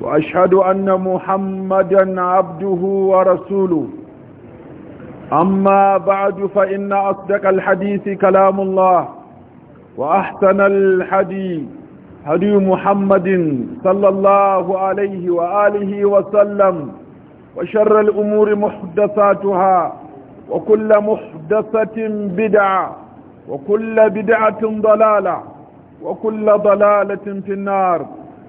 وأشهد أن محمدا عبده ورسوله أما بعد فإن أصدق الحديث كلام الله وأحسن الحديث هدي محمد صلى الله عليه وآله وسلم وشر الأمور محدثاتها وكل محدثة بدعة وكل بدعة ضلالة وكل ضلالة في النار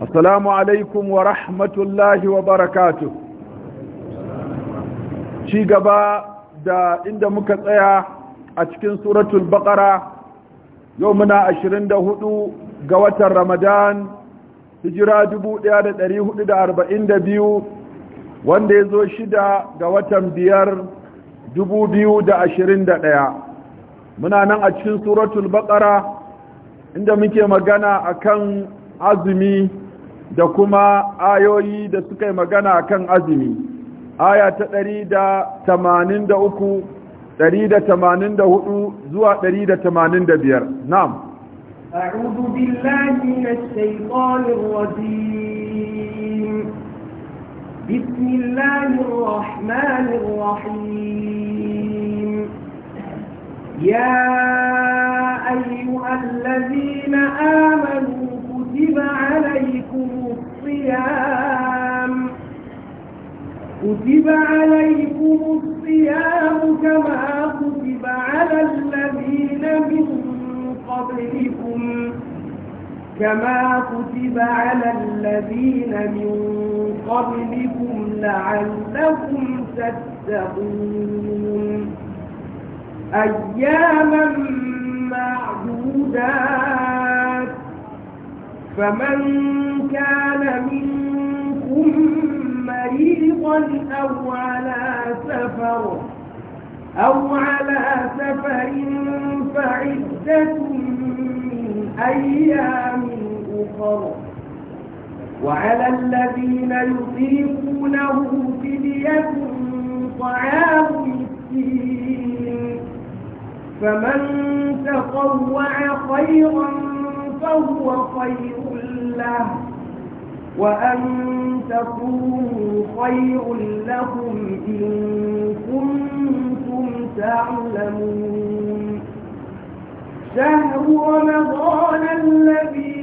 assalamu alaikum wa rahmatullahi wa barakatu ci gaba da inda muka tsaya a cikin suratul bakara yau muna hudu ga watan ramadan hijira biyu, wanda ya zo shida ga watan biyar da ɗaya. muna nan a cikin suratul bakara inda muke magana akan azumi da kuma ayoyi da suka yi magana kan azumi aya ta 183 184 zuwa 185 na'am a'udhu billahi minash shaitanir rajim bismillahir rahmanir rahim ya ayyuhal ladzina amanu kutiba alaykum الصيام كتب عليكم الصيام كما كتب على الذين من قبلكم كما كتب على الذين من قبلكم لعلكم تتقون أياما معدودات فمن كان منكم مريضا أو على سفر أو على سفر فعدة من أيام أخر وعلى الذين يطيقونه فدية طعام مسكين فمن تطوع خيرا فهو خير له وأن تكونوا خير لكم إن كنتم تعلمون شهر رمضان الذي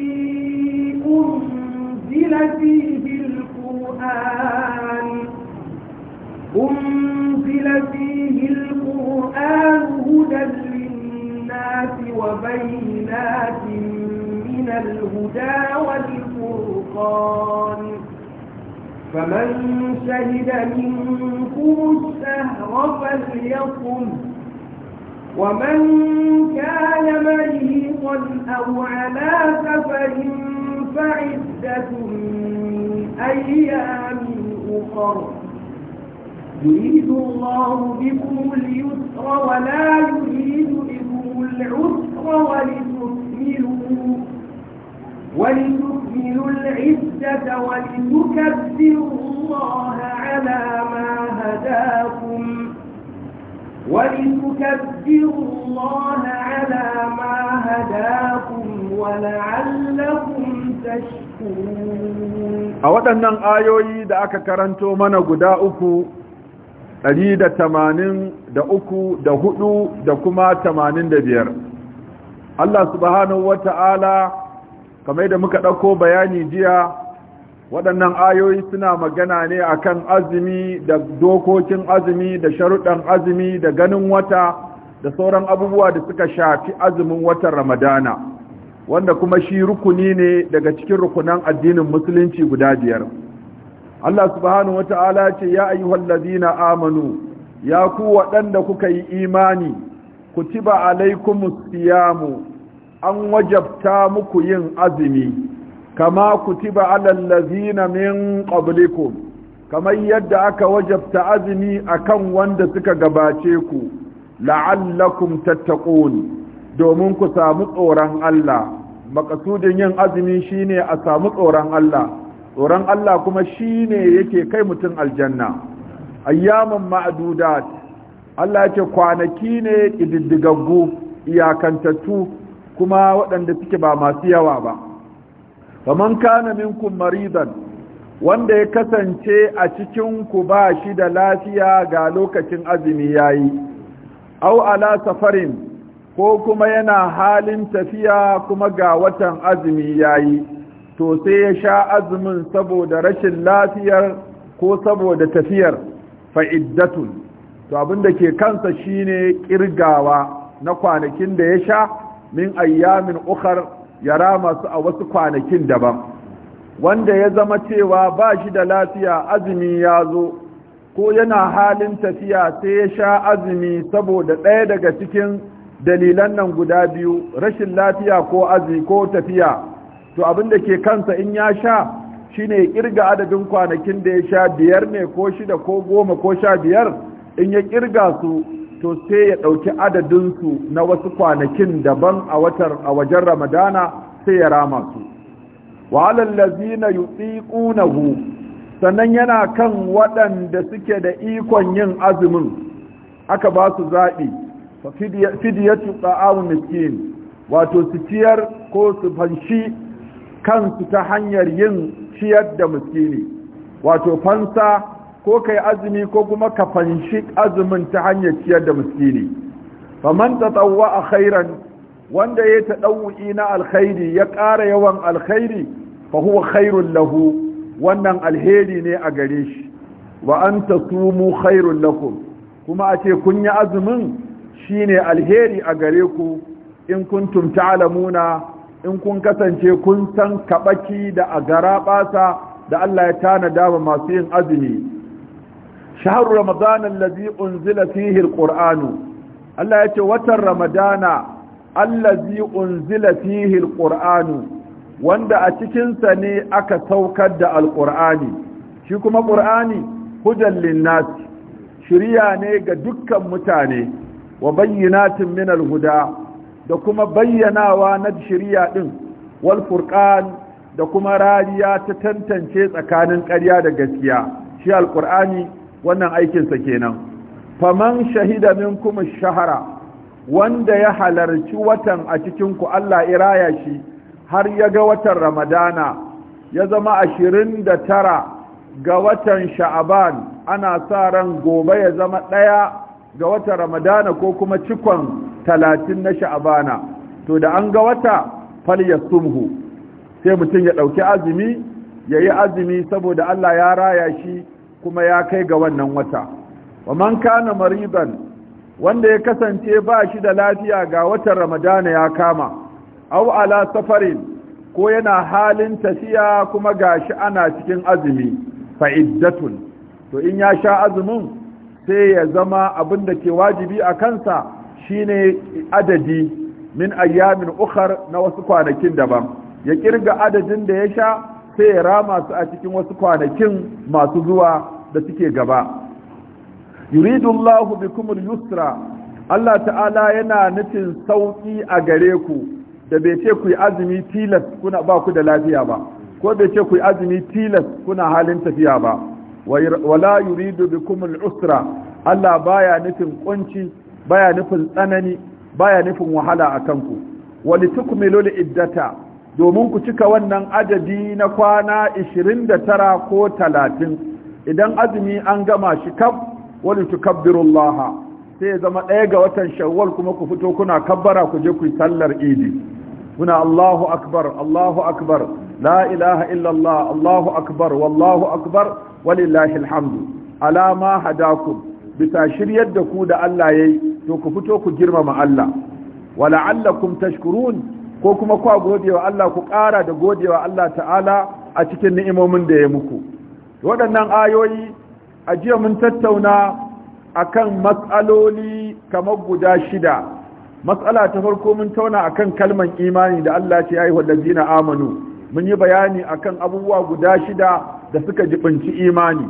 أنزل فيه القرآن أنزل فيه القرآن هدى للناس وبينات من الهدى والفرقان فمن شهد منكم السهر فليقم ومن كان مريضا أو على سفر فعدة من أيام أخر يريد الله بكم اليسر ولا يريد بكم العسر ولتكملوا ولتكملوا العدة ولتكبروا الله على ما هداكم ولتكبروا الله على ما هداكم ولعلكم تشكرون a waɗannan ayoyi da aka karanto mana guda uku ɗari da tamanin da uku da hudu da kuma tamanin da biyar Allah subhanahu wa ta'ala kamar da muka ɗauko bayani jiya waɗannan ayoyi suna magana ne akan azumi da dokokin azumi da sharuɗan azumi da ganin wata da sauran abubuwa da suka shafi azumin watan ramadana wanda kuma shi rukuni ne daga cikin rukunan addinin musulunci guda biyar Allah subhanahu wata'ala ce ya ayyuhallazina amanu ya ku waɗanda kuka yi imani ku kutiba alaikumus siyamu an wajabta muku yin azumi kama kutiba alal ladina min qablikum kamar yadda aka wajabta azumi akan wanda suka gabace ku la'allakum tattaqun domin ku samu tsoron Allah makasudin yin azumi shine a samu tsoron Allah tsoron Allah kuma shine yake kai mutum aljanna ayyaman ma'dudat Allah ya ce kwanaki ne iddigaggu iyakantattu kuma waɗanda suke ba masu yawa ba faman kana minkum maridan wanda ya kasance a cikin ku ba shi da lafiya ga lokacin azumi yayi au ala safarin ko kuma yana halin tafiya kuma ga watan azumi yayi to sai ya sha azumin saboda rashin lafiyar ko saboda tafiyar fa'iddatun to abinda ke kansa shine kirgawa na kwanakin da ya sha min ayyamin ukar, yara masu a wasu kwanakin daban wanda ya zama cewa ba shi da lafiya azumi ya zo ko yana halin tafiya sai ya sha azumi saboda ɗaya daga cikin dalilan nan guda biyu rashin lafiya ko azumi ko tafiya to abin da ke kansa in ya sha shine ya kirga adadin kwanakin da ya sha biyar ne ko shida ko goma ko sha biyar in ya kirga su to sai ya ɗauki adadinsu na wasu kwanakin daban a watar a wajen ramadana sai ya rama su wa na yutiqunahu sannan yana kan waɗanda suke da ikon yin azumin aka ba su zaɓi fidiyatu ta'awu miskin wato su ciyar ko su fanshi kansu ta hanyar yin ciyar da miskini wato fansa ko kai azumi ko kuma ka fanshi azumin ta hanyar ciyar da miskini faman tatawwa khairan wanda ya tadawwi na alkhairi ya ƙara yawan alkhairi fa huwa khairul lahu wannan alheri ne a gare shi wa an tumu khairul lakum kuma a ce kun yi azumin shine alheri a gare ku in kun kuntum alamuna, in kun kasance kun san kaɓaki da agara basa da Allah ya tana dama masu yin azumi shahar Ramadana. allazi unzila fihi Allah yace watan ramadana allazi unzila fihi wanda a cikinsa ne aka saukar da alqur'ani shi kuma qur'ani hudan linnas shiriya ne ga dukkan mutane wa bayyinatin min alhuda da kuma bayyanawa na shiriya din wal furqan da kuma rariya ta tantance tsakanin ƙarya da gaskiya shi alqur'ani wannan aikinsa kenan faman shahida minkum shahara wanda ya halarci watan a cikin ku Allah iraya shi har ya ga watan ramadana ya zama ashirin da tara ga watan sha'aban ana sa ran gobe ya zama ɗaya ga watan ramadana ko kuma cikon talatin na sha'abana to da an ga wata fal sumhu. sai mutum ya ɗauki azumi ya yi azumi saboda Allah ya raya shi kuma ya kai ga wannan wata wa man kana mariban wanda ya kasance ba shi da lafiya ga watan ramadana ya kama au ala safarin ko yana halin tafiya kuma gashi ana cikin azumi fa'iddatun to in ya sha azumin sai ya zama abin da ke wajibi a kansa shine adadi min ayyamin ukhar na wasu kwanakin daban ya kirga adadin da ya sha sai ya rama su a cikin wasu kwanakin masu zuwa da suke gaba yuridullahu bikumul yusra Allah ta'ala yana nufin sauki a gare ku da bai ce ku yi azumi tilas kuna ba ku da lafiya ba ko bai ce ku yi azumi tilas kuna halin tafiya ba wala yuridu bikumul usra Allah baya nufin kunci baya nufin tsanani baya nufin wahala a kanku wani walitukmilu iddata domin ku cika wannan adadi na kwana 29 ko 30 idan azumi an gama shi kaf wani tukabbirullaha sai zama ɗaya ga watan shawwal kuma ku fito kuna kabbara ku je ku yi sallar idi kuna Allahu akbar Allahu akbar la ilaha illallah Allahu akbar wallahu akbar walillahi alhamdu alama hadakum bisa shiryar da ku da Allah yayi to ku fito ku girmama Allah wala'allakum tashkurun ko kuma kwa godewa Allah ku ƙara da godewa Allah ta'ala a cikin ni'imomin da ya muku waɗannan ayoyi a jiya mun tattauna kan matsaloli kamar guda shida matsala ta farko mun tauna akan kalman imani da Allah ce yayi wallazina amanu mun yi bayani akan abubuwa guda shida da suka jibinci imani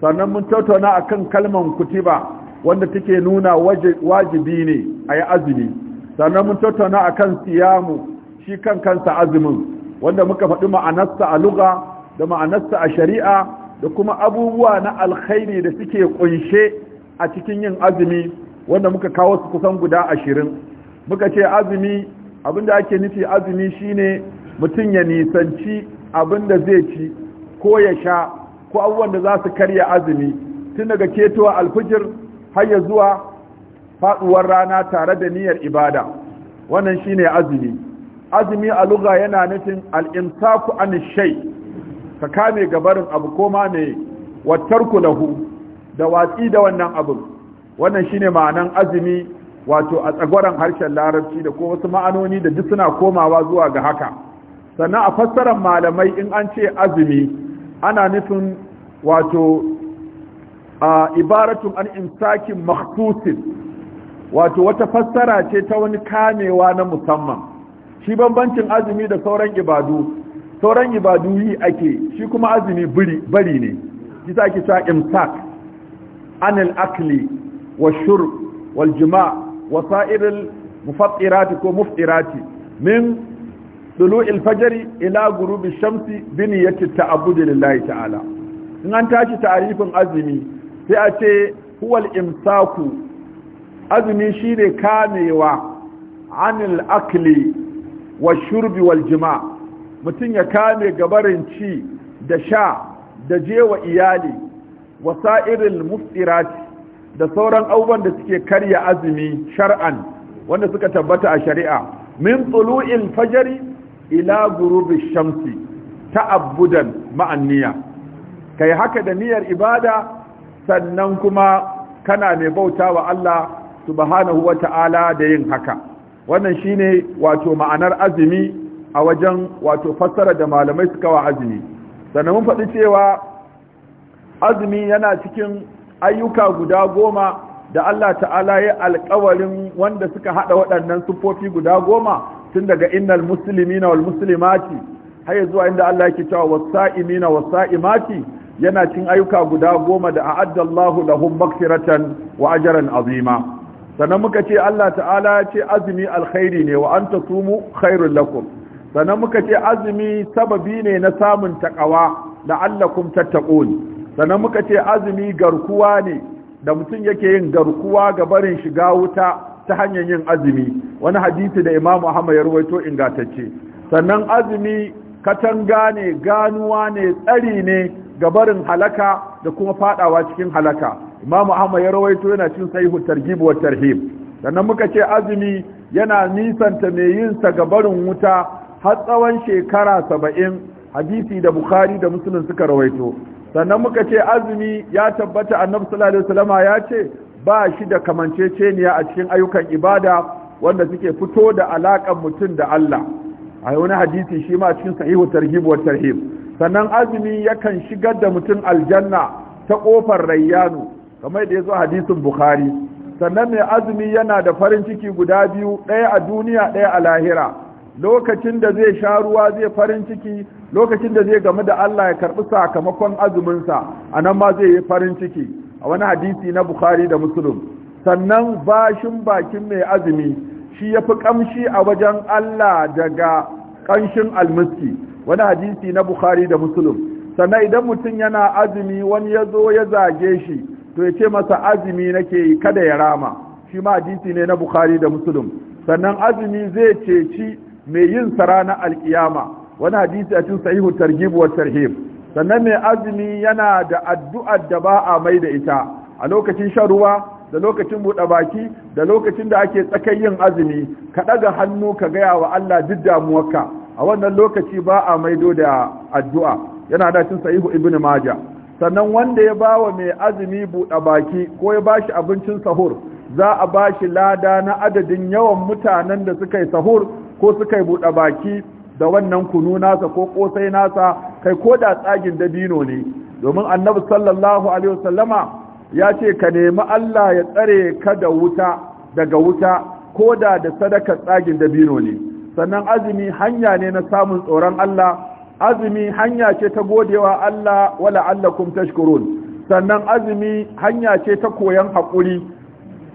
sannan mun tattauna akan kalman kutiba wanda take nuna wajibi ne a yi azumi sannan mun tattauna a kan siyamu shi kan kansa azumin wanda muka faɗi ma'anarsa a luga da ma'anarsa a shari'a da kuma abubuwa na alkhairi da suke kunshe a cikin yin azumi wanda muka kawo su kusan guda ashirin muka ce azumi abin da ake nufi azumi shine mutum ya nisanci abin da zai ci ko ya sha ko abubuwan da za su karya azumi tun daga ketowa alfijir har ya zuwa faduwar rana tare da niyyar ibada wannan shine azumi azumi a lugha yana nufin al-imsaku an shay ka kame gabarin abu ko ma ne wa tarku lahu da watsi da wannan abu wannan shine ma'anan azumi wato a tsagwaron harshen larabci da ko wasu ma'anoni da duk suna komawa zuwa ga haka sannan a fassarar malamai in an ce azumi ana nufin wato a ibaratun an imsakin makhsusin wato wata fassara ce ta wani kamewa na musamman shi bambancin azumi da sauran ibadu sauran ibadu yi ake shi kuma azumi bari ne shi ta ake cewa imsak anil akli wa shur wal jima wa sa'iril mufattirati ko muftirati min dulu'il ilfajari ila Gurubi, shamsi bi niyyati ta'abbudi lillahi ta'ala in an tashi ta'rifin azumi sai a ce huwal imsaku azumi shine kamewa anil akli wa shurbi wal jima mutum ya kame gabarin ci da sha da jewa iyali wa sa'irin muftirati da sauran abubuwan da suke karya azumi shar'an wanda suka tabbata a shari'a min tulu'il fajari ila gurubi shamsi abudan ma'anniya kai haka da niyyar ibada sannan kuma kana mai bauta wa Allah subhanahu wa ta'ala da yin haka wannan shine wato ma'anar azumi a wajen wato fassara da malamai suka wa azumi sannan mun faɗi cewa azumi yana cikin ayyuka guda goma da Allah ta'ala ya alƙawarin wanda suka haɗa waɗannan siffofi guda goma tun daga innal muslimina wal muslimati har zuwa inda Allah yake cewa wasa'imina wasa'imati yana cin ayyuka guda goma da a'adda Allahu lahum maghfiratan wa ajran azima sannan muka ce Allah ta'ala ya ce azumi alkhairi ne wa anta sumu khairul lakum sannan muka ce azumi sababi ne na samun takawa la'allakum tattaquni sannan muka ce azumi garkuwa ne da mutum yake yin garkuwa ga barin shiga wuta ta hanyar yin azumi wani hadisi da Imam ahmad ya rawaito ingantacce sannan azumi katanga ne ganuwa ne tsari ne ga barin halaka da kuma fadawa cikin halaka Imam ahmad ya rawaito yana cin sahihu targhib wa tarhib sannan muka ce azumi yana nisanta mai yin sa ga barin wuta har tsawon shekara saba'in hadisi da bukhari da muslim suka rawaito sannan muka ce azumi ya tabbata annabi sallallahu alaihi wasallama ya ce ba shi da kamanceceniya a cikin ayyukan ibada wanda suke fito da alaƙar mutum da Allah a wani hadisi shi ma cikin sahihu targhib wa tarhib sannan azumi yakan shigar da mutum aljanna ta kofar rayyanu kamar da ya zo hadisin bukhari sannan mai azumi yana da farin ciki guda biyu ɗaya a duniya ɗaya a lahira lokacin da zai sha ruwa zai farin ciki lokacin da zai gamu da Allah ya karɓi sakamakon azuminsa a nan ma zai yi farin ciki a wani hadisi na bukhari da muslim sannan bashin bakin mai azumi shi ya fi ƙamshi a wajen Allah daga ƙanshin almiski wani hadisi na bukhari da muslim sannan idan mutum yana azumi wani ya zo ya zage shi to ya ce masa azumi nake yi kada ya rama shi ma hadisi ne na bukhari da muslim sannan azumi zai ceci mai yin sa ranar alkiyama wani hadisi a cikin sahihu targhib wa tarhib sannan mai azumi yana da addu'a da ba a mai da ita a lokacin shan ruwa da lokacin buɗe baki da lokacin da ake tsakan yin azumi ka ɗaga hannu ka gaya wa Allah duk damuwarka a wannan lokaci ba a maido da addu'a yana da cikin sahihu ibn maja sannan wanda ya ba wa mai azumi buɗa baki ko ya ba shi abincin sahur za a ba shi lada na adadin yawan mutanen da suka yi sahur ko suka yi buɗa baki da wannan kunu nasa ko kosai nasa kai ko da tsagin dabino ne domin annabi sallallahu alaihi wasallama ya ce ka nemi Allah ya tsare ka da wuta daga wuta ko da da sadaka tsagin dabino ne sannan azumi hanya ne na samun tsoron Allah azumi hanya ce ta godewa Allah wala allakum tashkurun sannan azumi hanya ce ta koyan haƙuri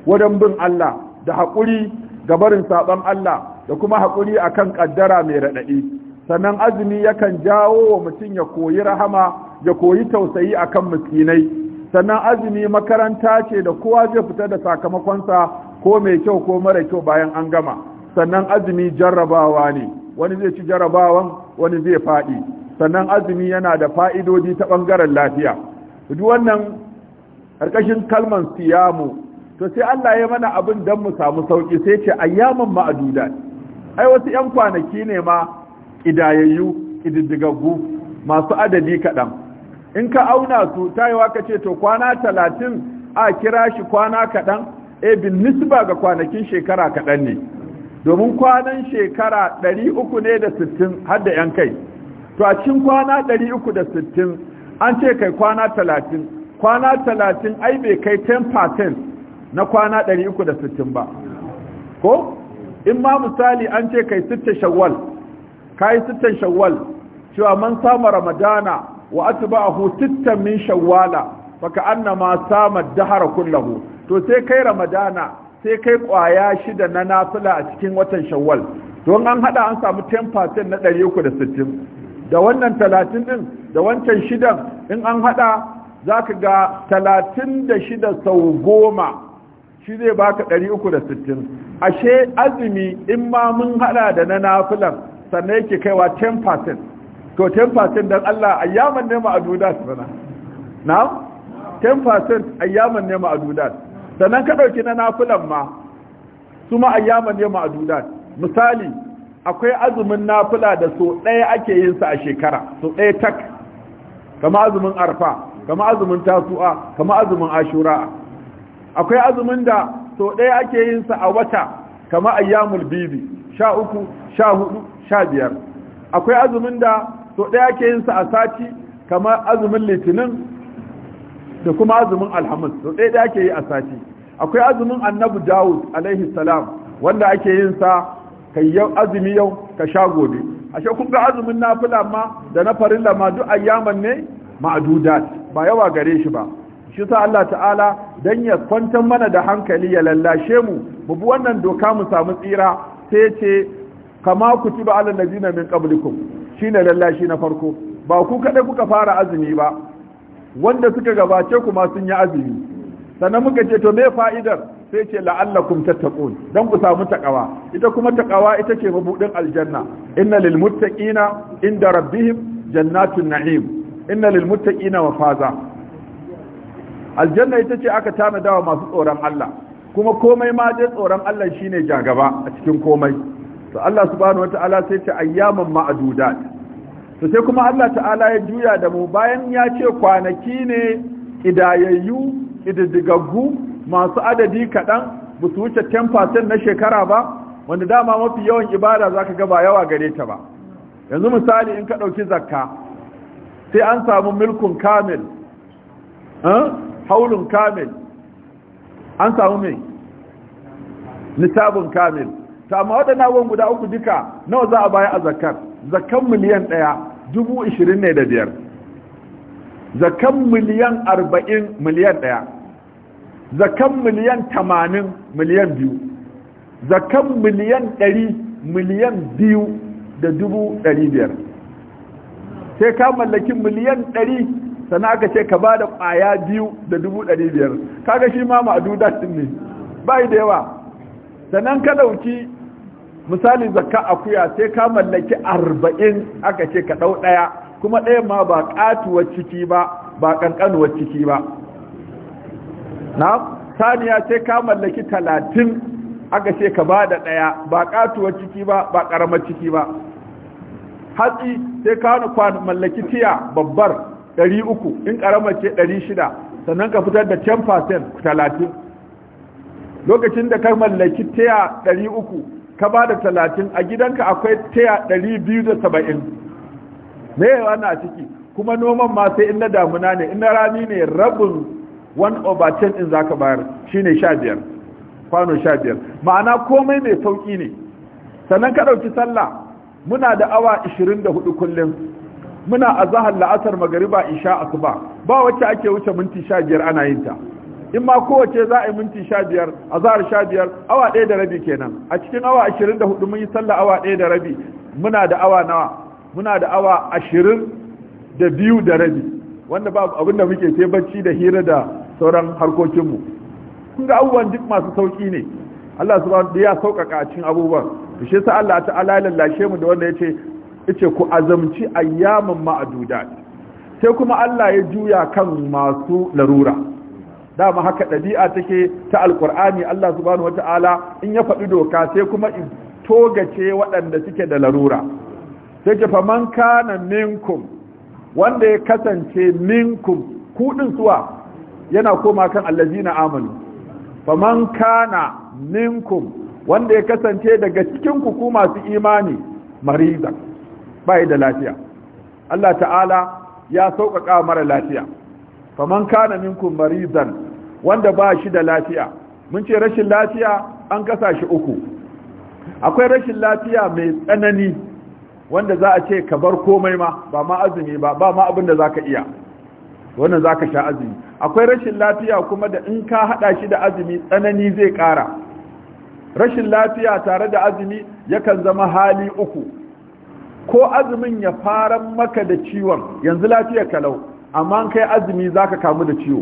wajen bin Allah da haƙuri ga barin saɓan Allah da kuma haƙuri akan ƙaddara mai raɗaɗi sannan azumi yakan jawo wa mutum ya koyi rahama ya koyi tausayi akan miskinai sannan azumi makaranta ce da kowa zai fita da sakamakonsa ko mai kyau ko mara kyau bayan an gama sannan azumi jarrabawa ne wani zai ci jarrabawan wani zai faɗi sannan azumi yana da fa'idodi ta ɓangaren lafiya duk wannan ƙarƙashin kalman siyamu to sai Allah ya mana abin don mu samu sauƙi sai ce ayyaman ma'aduda ai wasu 'yan kwanaki ne ma ƙidayayyu ƙididdigaggu masu adadi kaɗan in ka auna su tayewa ka ce to kwana talatin a kira shi kwana kaɗan e bin nisba ga kwanakin shekara kaɗan ne domin kwanan shekara 360 har da yan kai to a cikin kwana 360 an ce kai kwana 30 kwana 30 ai bai kai 10% na kwana 360 ba ko in ma misali an ce kai sittin shawwal kai sittin shawwal cewa man sama ramadana wa atba'ahu sittan min shawwala fa annama sama dahara kullahu to sai kai ramadana sai kai kwaya shida na nafila a cikin watan shawwal don an hada an samu 10% na 360 da wannan 30 din da wancan shidan in an hada za ka ga 36 sau goma shi zai baka 360 ashe azumi in ma mun hada da na nafilan sannan yake kaiwa 10% to 10% don Allah ayyaman nema a duda sana na 10% ayyaman nema a duda sannan ka ɗauki na nafilan ma su ma ayyaman ne dudan. misali akwai azumin nafula da so ɗaya ake yin sa a shekara so ɗaya tak kama azumin arfa kama azumin tasu'a kama azumin ashura akwai azumin da so ɗaya ake yin sa a wata kama ayyamul bibi sha uku sha hudu sha biyar akwai azumin da so ɗaya ake yin sa a sati kama azumin litinin da kuma azumin alhamis to ɗaya da ake yi a sati akwai azumin annabi dawud alaihi salam wanda ake yin sa kai yau azumi yau ka sha gobe ashe kun ga azumin nafila ma da na farilla ma duk ayyaman ne ma'dudat ba yawa gare shi ba shi sa Allah ta'ala dan ya kwantar mana da hankali ya lallashe mu mu bi wannan doka mu samu tsira sai ce kama kutiba alal ladina min qablikum shine lallashi na farko ba ku kada kuka fara azumi ba wanda suka gabace ku sun yi azumi sannan muka ce to me fa'idar sai ce la'allakum tattaqun dan ku samu takawa ita kuma takawa ita ce mabudin aljanna inna lil muttaqina inda rabbihim jannatun na'im inna lil muttaqina mafaza aljanna ita ce aka tana dawa masu tsoron Allah kuma komai ma dai tsoron Allah shine jagaba a cikin komai to Allah subhanahu wataala sai ce ayyaman ma'adudat to sai kuma Allah ta'ala ya juya da mu bayan ya ce kwanaki ne idayayyu ididdigaggu masu adadi kaɗan ba su wuce 10% na shekara ba wanda dama mafi yawan ibada za ka ba yawa gare ta ba yanzu misali in ka ɗauki zakka sai an samu milkun kamil eh, haulun kamil an samu mai nitabun kamil ta ma waɗanda guda uku duka nawa za a baya a zakkar zakkan miliyan ɗaya dubu ishirin ne da biyar zakan miliyan arba'in miliyan ɗaya zakan miliyan tamanin miliyan biyu zakan miliyan ɗari miliyan biyu da dubu ɗari biyar sai ka mallaki miliyan ɗari sana aka ce ka ba da ƙwaya biyu da dubu ɗari biyar kaga shi ma ma'adudat ne bai da yawa sannan ka ɗauki misali zakka akuya sai ka mallaki arba'in aka ce ka ɗau ɗaya kuma ɗaya ma ba ƙatuwar ciki ba ba ƙanƙanuwar ciki ba na saniya sai ka mallaki talatin aka ce ka ba da ɗaya ba ƙatuwar ciki ba ba ƙaramar ciki ba hatsi sai ka kwan mallaki tiya babbar ɗari uku in ƙaramar ce ɗari shida sannan ka fitar da 10% talatin lokacin da ka mallaki tiya ɗari uku ka ba da talatin a gidanka akwai taya ɗari biyu da saba'in me wani a ciki kuma noman ma sai in damuna ne in na rani ne rabin one over ten in zaka bayar shi ne sha biyar kwano sha biyar ma'ana komai mai sauƙi ne sannan ka ɗauki sallah muna da awa ishirin da hudu kullum muna a zahar la'asar magariba isha asuba ba wacce ake wuce minti sha biyar ana yin ta in ma kowace za a yi minti sha biyar a zahar sha biyar awa ɗaya da rabi kenan a cikin awa ashirin da hudu mun yi sallah awa ɗaya da rabi muna da awa nawa muna da awa ashirin da biyu da rabi wanda ba abin da muke sai bacci da hira da sauran harkokinmu kun ga abubuwan duk masu sauki ne Allah da ya sauƙaƙa a cikin abubuwan to shi yasa Allah ala lallashe mu da wanda ya ce ce ku azamci ayyaman ma'adudat sai kuma Allah ya juya kan masu larura dama haka ɗabi'a take ta alkur'ani Allah subhanahu wata'ala in ya faɗi doka sai kuma in togace waɗanda suke da larura sai ke faman kana minkum wanda ya kasance minkum kuɗin suwa yana koma kan allazina amanu faman kana minkum wanda ya kasance daga cikin ku masu imani mariza bai da lafiya Allah ta'ala ya sauƙaƙa mara lafiya faman kana minkum maridan wanda ba shi da lafiya mun ce rashin lafiya an kasa shi uku akwai rashin lafiya mai tsanani wanda za a ce ka bar komai ma ba ma azumi ba ba ma abin da zaka iya wannan zaka sha azumi akwai rashin lafiya kuma da in ka hada shi da azumi tsanani zai kara rashin lafiya tare da azumi yakan zama hali uku ko azumin ya fara maka da ciwon yanzu lafiyar kalau amma kai azumi zaka kamu da ciwo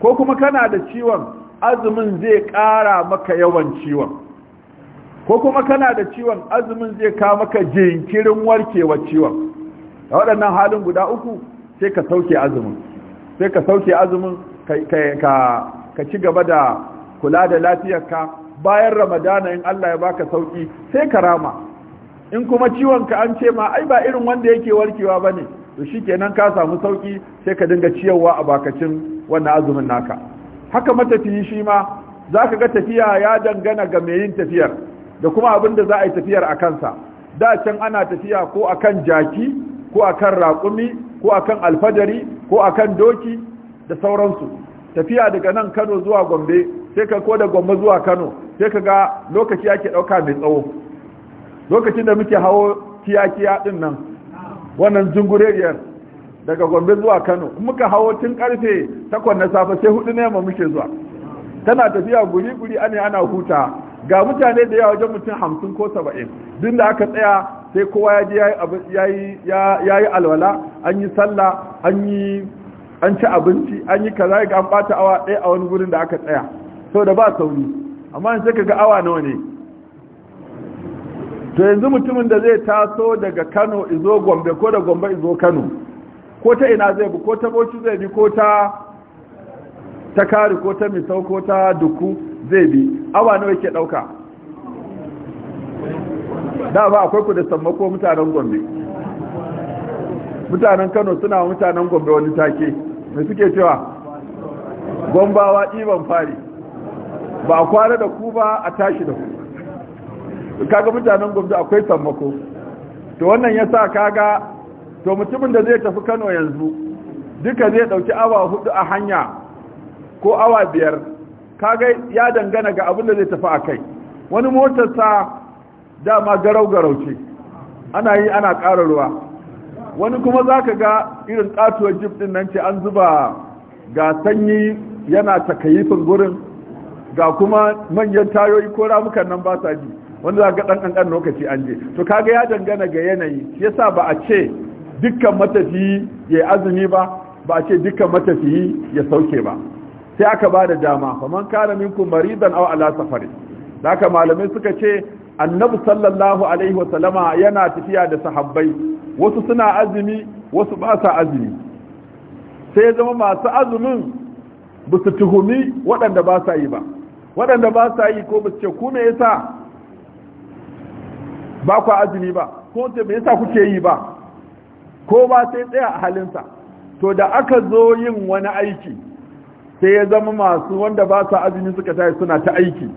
ko kuma kana da ciwon azumin zai kara maka yawan ciwon ko kuma kana da ciwon azumin zai ka maka jinkirin warkewa ciwon a waɗannan halin guda uku sai ka sauke azumin sai ka sauke azumin ka ci gaba da kula da lafiyarka bayan ramadana in Allah ya baka sauki sai ka rama in kuma ciwon ka an ce ma ai ba irin wanda yake warkewa bane to kenan ka samu sauki sai ka dinga ciyawa a bakacin wannan azumin naka haka matafiyi shi ma za ka ga tafiya ya dangana ga mai yin tafiyar da kuma abin da za a yi tafiyar a kansa da can ana tafiya ko a kan jaki ko a kan raƙumi ko a kan alfadari ko a kan doki da sauransu tafiya daga nan kano zuwa gombe sai ka ko da gombe zuwa kano sai ka ga lokaci ake ɗauka mai tsawo lokacin da muke hawo kiyakiya ɗin nan wannan zungureriyar daga gombe zuwa kano muka hawo tun karfe takwas na safe sai hudu ne ma muke zuwa tana tafiya guri guri ne ana huta ga mutane da yawa wajen mutum hamsin ko saba'in duk da aka tsaya sai kowa ya je ya yi alwala an yi sallah an yi an ci abinci an yi kaza ga an bata awa ɗaya a wani gurin da aka tsaya sau da ba sauri amma sai ka ga awa nawa ne to yanzu mutumin da zai taso daga kano izo gombe ko da gombe izo kano ko ta ina zai bi ko ta bauchi zai bi ko ta ta kari ko ta misau ko ta duku zai bi awa nawa yake dauka da ba akwai ku da sammako mutanen gombe mutanen kano suna mutanen gombe wani take mai suke cewa gombawa iban fari ba a da ku ba a tashi da ku kaga mutanen gombe akwai sammako to wannan ya yasa kaga to mutumin da zai tafi Kano yanzu duka zai dauki awa hudu a hanya ko awa biyar kaga ya dangana ga abin da zai tafi a kai. wani motar sa dama garau garau ce ana yi ana ƙara ruwa wani kuma zaka ga irin katuwar jeep din nan ce an zuba ga sanyi yana takayifin gurin ga kuma manyan tayoyi ko ramukan nan ba sa ji wanda za ga ɗan ɗan lokaci an je to kaga ya dangana ga yanayi yasa ba a ce dukkan matafiyi ya azumi ba ba a ce dukkan matafiyi ya sauke ba sai aka ba da dama faman kana minkum maridan aw ala safari Da aka malamai suka ce annabi sallallahu alaihi wasallama yana tafiya da sahabbai wasu suna azumi wasu ba sa azumi sai ya zama masu azumin ba su tuhumi waɗanda ba sa yi ba waɗanda ba sa yi ko ba su ce ku me yasa ba ku azumi ba ko me yasa kuke yi ba ko ba sai tsaya a halinsa to da aka zo yin wani aiki sai ya zama masu wanda ba su azumi suka tashi suna ta aiki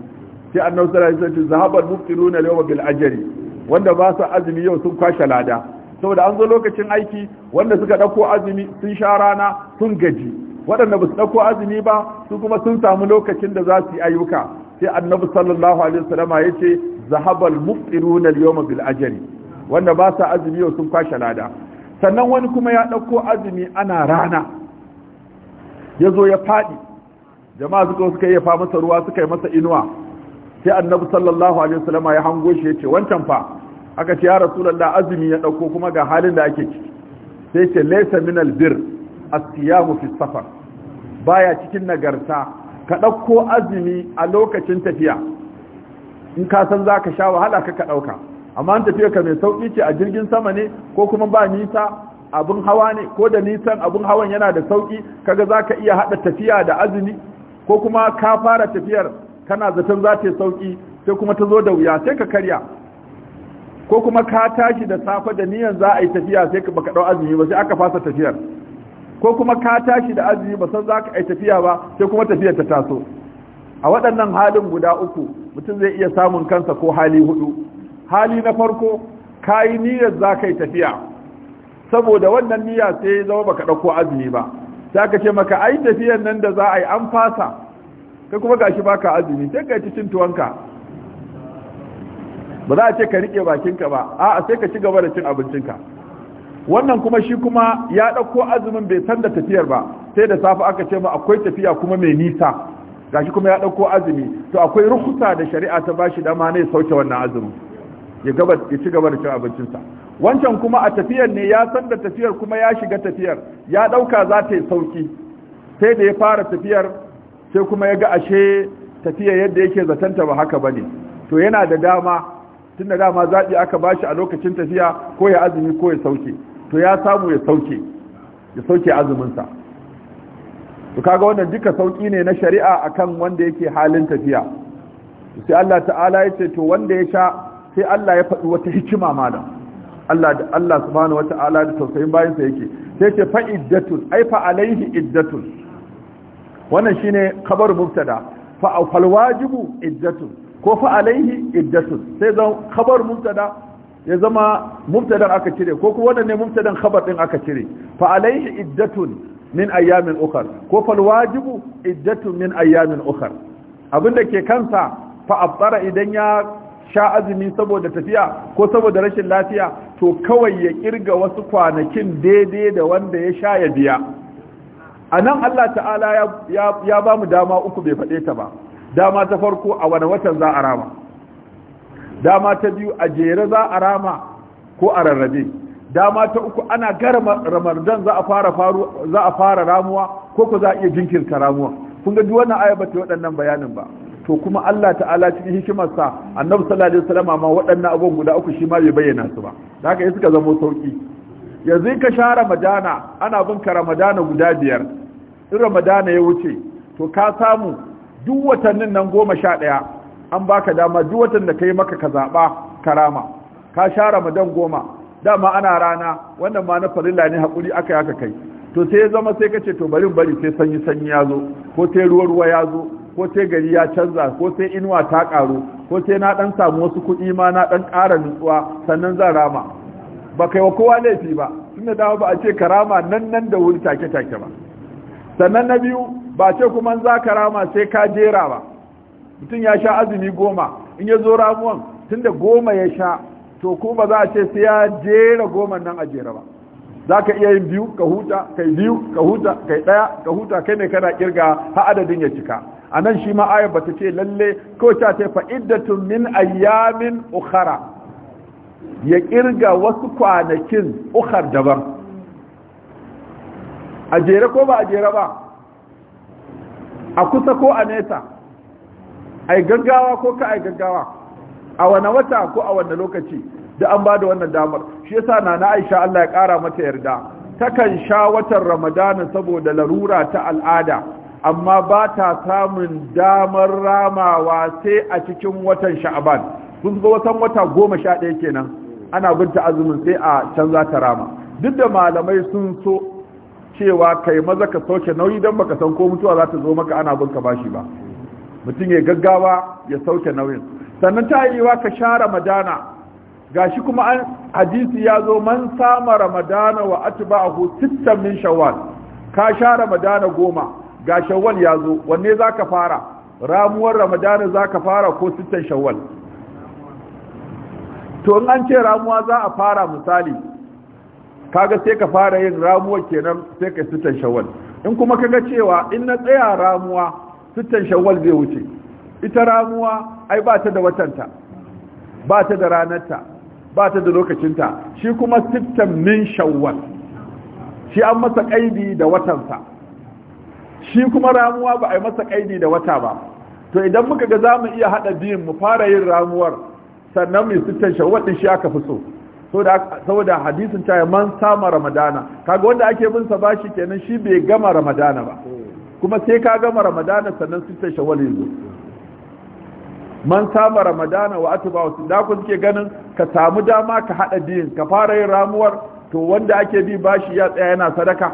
sai annabi sallallahu alaihi wasallam zahabal muftiruna yawma bil ajri wanda ba su azumi yau sun kwashe lada saboda an zo lokacin aiki wanda suka dauko azumi sun sha rana sun gaji waɗanda ba su dauko azumi ba su kuma sun samu lokacin da za su yi ayyuka sai annabi sallallahu alaihi wasallam ya ce zahabal muftiruna al-yawma bil ajri wanda ba sa azumi yau sun kwashe lada sannan wani kuma ya dauko azumi ana rana yazo ya fadi jama'a suka suka yi fa masa ruwa suka yi masa inuwa sai annabi sallallahu alaihi wasallama ya hango shi ya ce, wancan fa aka ce ya rasulullah azumi ya dauko kuma ga halin da ake ciki sai ce laysa min bir as-siyamu fi safar baya cikin nagarta ka dauko azumi a lokacin tafiya in ka san za ka sha wahala ka ka ɗauka amma an tafiya ka mai sauƙi ce a jirgin sama ne ko kuma ba nisa abin hawa ne ko da nisan abin hawan yana da sauƙi kaga za ka iya haɗa tafiya da azumi ko kuma ka fara tafiyar kana zaton za ta yi sauƙi sai kuma ta zo da wuya sai ka karya ko kuma ka tashi da safe da niyan za a yi tafiya sai ka baka dau azumi ba sai aka fasa tafiyar ko kuma ka tashi da azumi ba san za ka yi tafiya ba sai kuma tafiyar ta taso a waɗannan halin guda uku mutum zai iya samun kansa ko hali hudu hali na farko ka yi niyyar za ka yi tafiya saboda wannan niyya sai ya zama baka ɗauko azumi ba sai ka ce maka ai tafiyan nan da za a yi an fasa kai kuma gashi baka azumi sai ka ci cin tuwanka ba za a ce ka riƙe bakinka ba a'a sai ka ci gaba da cin abincinka wannan kuma shi kuma ya ɗauko azumin bai san da tafiyar ba sai da safe aka ce ma akwai tafiya kuma mai nisa gashi kuma ya dauko azumi to akwai rukhsa da shari'a ta bashi dama ne sauke wannan azumin ya gaba ya ci gaba da cin abincinsa wancan kuma a tafiyar ne ya san da tafiyar kuma ya shiga tafiyar ya dauka za ta yi sauki sai da ya fara tafiyar sai kuma ya ga ashe tafiyar yadda yake zatanta ba haka bane to yana da dama tun da dama zaɓi aka bashi a lokacin tafiya ko ya azumi ko ya sauke to ya samu ya sauke ya sauke azuminsa to kaga wannan duka sauki ne na shari'a akan wanda yake halin tafiya sai Allah ta'ala ya ce to wanda ya sha sai Allah ya faɗi wata hikima malam Allah da Allah subhanahu wata'ala da tausayin bayin sa yake sai ce fa iddatun ai fa alaihi iddatun wannan shine khabar mubtada fa fal wajibu iddatun ko fa alaihi iddatun sai zan khabar mubtada ya zama mubtada aka cire ko kuma wannan ne mubtadan khabar din aka cire fa alaihi iddatun min ayyamin ukhar ko fal wajibu iddatu min ayyamin ukhar da ke kansa fa afdara idan ya sha azumi saboda tafiya ko saboda rashin lafiya to kawai ya kirga wasu kwanakin daidai da wanda ya sha ya biya anan Allah ta'ala ya ya ba mu dama uku bai fade ta ba dama ta farko a wani watan za a rama dama ta biyu a jere za a rama ko a rarrabe dama ta uku ana gara ramadan za a fara faru za a fara ramuwa ko ko za a iya jinkirta ramuwa kun ga duk wannan aya ba ta waɗannan bayanin ba to kuma Allah ta'ala cikin hikimarsa annabi sallallahu alaihi wasallam ma waɗannan abubuwan guda uku shi ma bai bayyana su ba haka suka zama sauki yanzu ka sha ramadana ana bin ka ramadana guda biyar in ramadana ya wuce to ka samu duk watannin nan goma sha ɗaya an baka dama duk watan da ka yi maka ka zaɓa karama ka sha ramadan goma dama ana rana wannan ma na farilla ne hakuri aka yaka kai to sai ya zama sai ka ce to bari bari sai sanyi sanyi ya zo ko sai ruwa ruwa ya zo ko sai gari ya canza ko sai inuwa ta karu ko sai na dan samu wasu kuɗi ma na dan ƙara nutsuwa sannan zan rama ba kai wa kowa laifi ba tun da dawo ba a ce rama nan nan da wuri take take ba sannan na biyu ba ce kuma za ka rama sai ka jera ba mutum ya sha azumi goma in ya zo ramuwan tunda goma ya sha to ko ba za a ce sai ya jera goma nan a jera ba za ka iya yin biyu ka huta kai biyu ka huta kai ɗaya ka huta kai ne kana kirga har adadin ya cika a nan shi ma ayar bata ce lalle ko ta ce fa'iddatun min ayyamin ukhara ya kirga wasu kwanakin ukhar daban a jere ko ba a jere ba a kusa ko a nesa ai gaggawa ko ka ai gaggawa a wani wata ko a wani lokaci da an ba da wannan damar shi yasa na aisha Allah ya kara mata yarda takan sha watan ramadana saboda larura ta al'ada amma ba ta samun damar ramawa sai a cikin watan sha'aban sun zo watan wata goma sha ɗaya kenan ana binta azumin sai a canza ta rama duk da malamai sun so cewa kai maza ka sauke nauyi don baka san ko mutuwa za ta zo maka ana binka bashi ba mutum ya gaggawa ya sauke nauyin sannan ta yi wa ka sha ramadana gashi kuma an hadisi ya zo man sama ramadana wa atba'ahu sittan min shawwal ka sha ramadana goma ga shawwal ya zo wanne zaka fara ramuwar ramadana zaka fara ko sittan shawwal to in an ce ramuwa za a fara misali kaga sai ka fara yin ramuwa kenan sai ka sittan shawwal in kuma kaga cewa in na tsaya ramuwa sittan shawwal zai wuce ita ramuwa ai ba ta da watanta ba ta da ranarta ba ta da lokacinta shi kuma sittan min shawwal shi an masa kaidi da watansa shi kuma ramuwa ba a masa kaidi da wata ba to idan muka ga zamu iya hada biyun mu fara yin ramuwar sannan mu sittan shawwal din shi aka fi so saboda hadisin cewa man sama ramadana kaga wanda ake bin sa bashi kenan shi bai gama ramadana ba kuma sai ka gama ramadana sannan sittan shawwal yanzu man saba ramadana wa atuba wasu da ku suke ganin ka samu dama ka hada din ka fara yin ramuwar to wanda ake bi bashi ya tsaya yana sadaka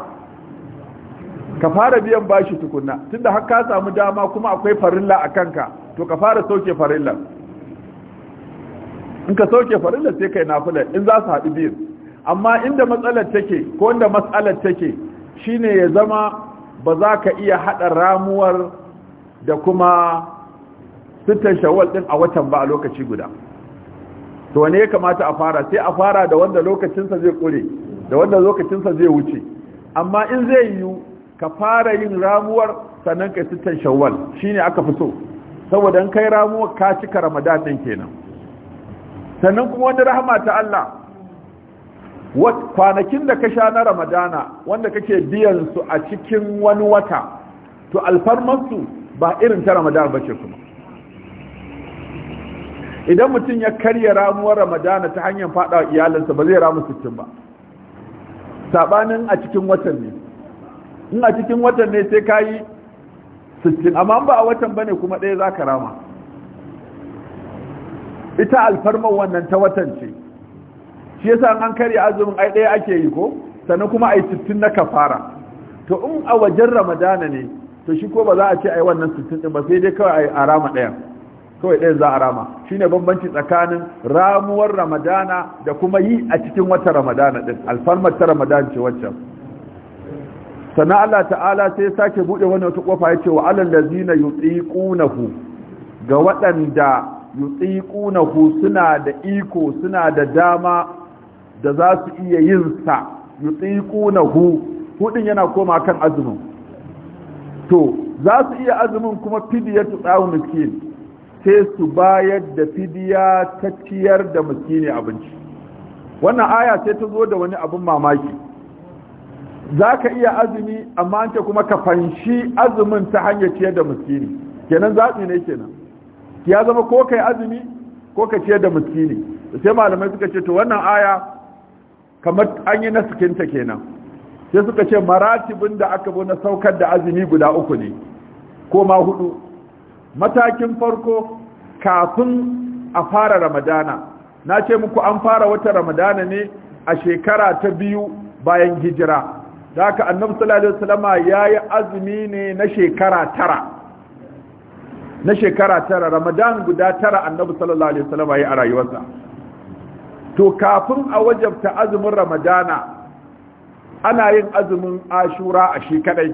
ka fara biyan bashi tukunna tunda har ka samu dama kuma akwai farilla a kanka to ka fara sauke farilla in ka sauke farilla sai kai nafila in za su haɗu biyan. amma inda matsalar take ko inda matsalar take shine ya zama ba za ka iya haɗa ramuwar da kuma sittan shawwal din a watan ba a lokaci guda to ne ya kamata a fara sai a fara da wanda lokacinsa zai kure da wanda lokacinsa zai wuce amma in zai yiwu ka fara yin ramuwar sannan kai sittan shawwal shine aka fi so saboda kai ramuwar ka cika ramadan din kenan sannan kuma wanda rahama ta Allah kwanakin da ka sha na ramadana wanda kake biyan su a cikin wani wata to su ba irin ta ramadana bace kuma idan mutum ya karya ramuwar ramadana ta hanyar fada iyalinsa ba zai ramu sittin ba sabanin a cikin watan ne in a cikin watan ne sai kayi sittin amma ba a watan bane kuma ɗaya za ka rama ita alfarmar wannan ta watan ce shi ya sa an karya azumin ai ɗaya ake yi ko sannan kuma ai sittin na kafara to in a wajen ramadana ne to shi ko ba za a ce ai wannan sittin ba sai dai kawai a arama ɗaya kawai ɗaya za a rama Shi ne bambanci tsakanin ramuwar ramadana da kuma yi a cikin wata ramadana ɗin alfarmar ta ramadana ce waccan sana Allah ta'ala sai sake buɗe wani wata ƙofa ya ce wa alallazina yutiqunahu ga waɗanda yutiqunahu suna da iko suna da dama da za su iya yin sa yutiqunahu hudin yana koma kan azumin to za su iya azumin kuma fidiyatu tsawon miskin sai su bayar da fidiya ta ciyar da miskini abinci wannan aya sai ta zo da wani abin mamaki za ka iya azumi amma an ce kuma ka fanshi azumin ta hanyar ciyar da miskini kenan zaɓi ne kenan ya zama ko kai azumi ko ka ciyar da miskini sai malamai suka ce to wannan aya kamar an yi na sukinta kenan sai suka ce maratibin da aka bi na saukar da azumi guda uku ne ko ma hudu matakin farko kafin a fara ramadana na ce muku an fara wata ramadana ne a shekara ta biyu bayan hijira da haka annabi sallallahu alaihi ya yi azumi ne na shekara tara na shekara tara ramadan guda tara annabi sallallahu alaihi wasallama yayi a rayuwarsa to kafin a wajabta azumin ramadana ana yin azumin ashura a shi kadai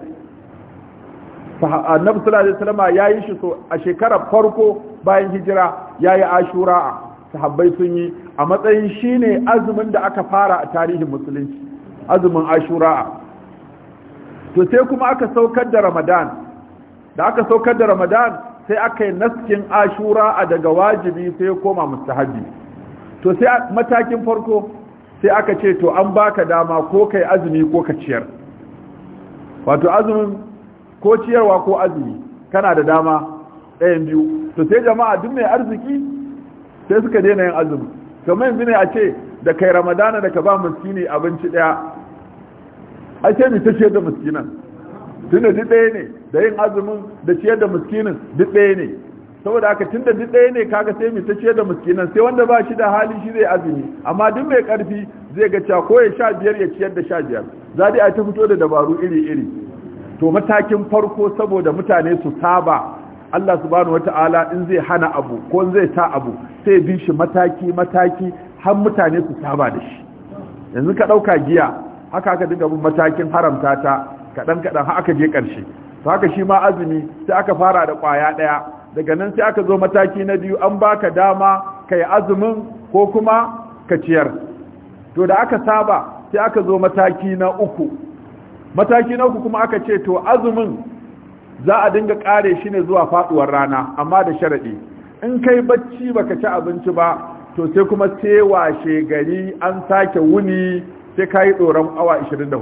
annabi sallallahu alaihi wasallam yayi shi so a shekarar farko bayan hijira yayi ashura sahabbai sun yi a matsayin shine azumin da aka fara a tarihin musulunci azumin ashura to sai kuma aka saukar da ramadan da aka saukar da ramadan sai aka yi naskin ashura daga wajibi sai koma mustahabi to sai matakin farko sai aka ce to an baka dama ko kai azumi ko ka ciyar wato azumin ko ciyarwa ko azumi kana da dama ɗayan biyu to sai jama'a duk mai arziki sai suka daina yin azumi kamar yanzu ne a ce da kai ramadana da ka ba miskini abinci ɗaya a ce mai ta ciyar da miskinan tunda duk ɗaya ne da yin azumin da ciyar da miskinin duk ɗaya ne saboda haka tunda duk ɗaya ne kaga sai mai ta ciyar da miskinan sai wanda ba shi da hali shi zai azumi amma duk mai ƙarfi zai ga ko ya sha biyar ya ciyar da sha biyar za a ta fito da dabaru iri iri to matakin farko saboda mutane su saba Allah subhanahu wata'ala in zai hana abu ko in zai sa abu sai bi shi mataki mataki har mutane su saba da shi yanzu ka dauka giya haka aka dinga bin matakin haramta ta kadan kadan har aka je karshe to haka shi ma azumi sai aka fara da kwaya daya daga nan sai aka zo mataki na biyu an baka dama kai azumin ko kuma ka ciyar to da aka saba sai aka zo mataki na uku mataki na uku kuma aka ce to azumin za a dinga kare shi ne zuwa faduwar rana amma da sharadi in kai bacci baka ci abinci ba to sai kuma sai washe gari an sake wuni sai kai doran awa 24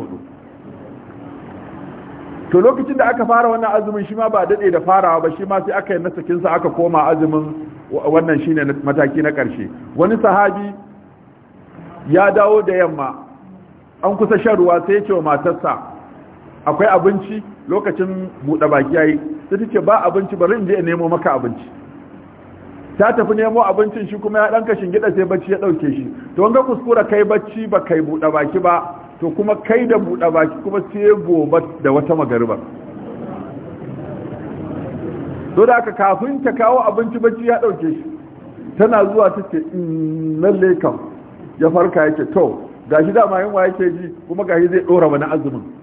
to lokacin da aka fara wannan azumin shi ma ba dade da farawa ba shi ma sai aka yi nasakin sa aka koma azumin wannan shine mataki na karshe wani sahabi ya dawo da yamma an kusa sharuwa sai ya ce wa matarsa akwai abinci lokacin buɗe baki yayi sai ta ba abinci bari in je nemo maka abinci ta tafi nemo abincin shi kuma ya dan kashin gida sai bacci ya dauke shi to an ga kuskura kai bacci ba kai buɗe baki ba to kuma kai da buɗe baki kuma sai gobe da wata magariba to da aka kafin ta kawo abinci bacci ya dauke shi tana zuwa ta ce mm, lalle kam ya farka yake to gashi mayin wa yake ji kuma gashi zai dora wani azumin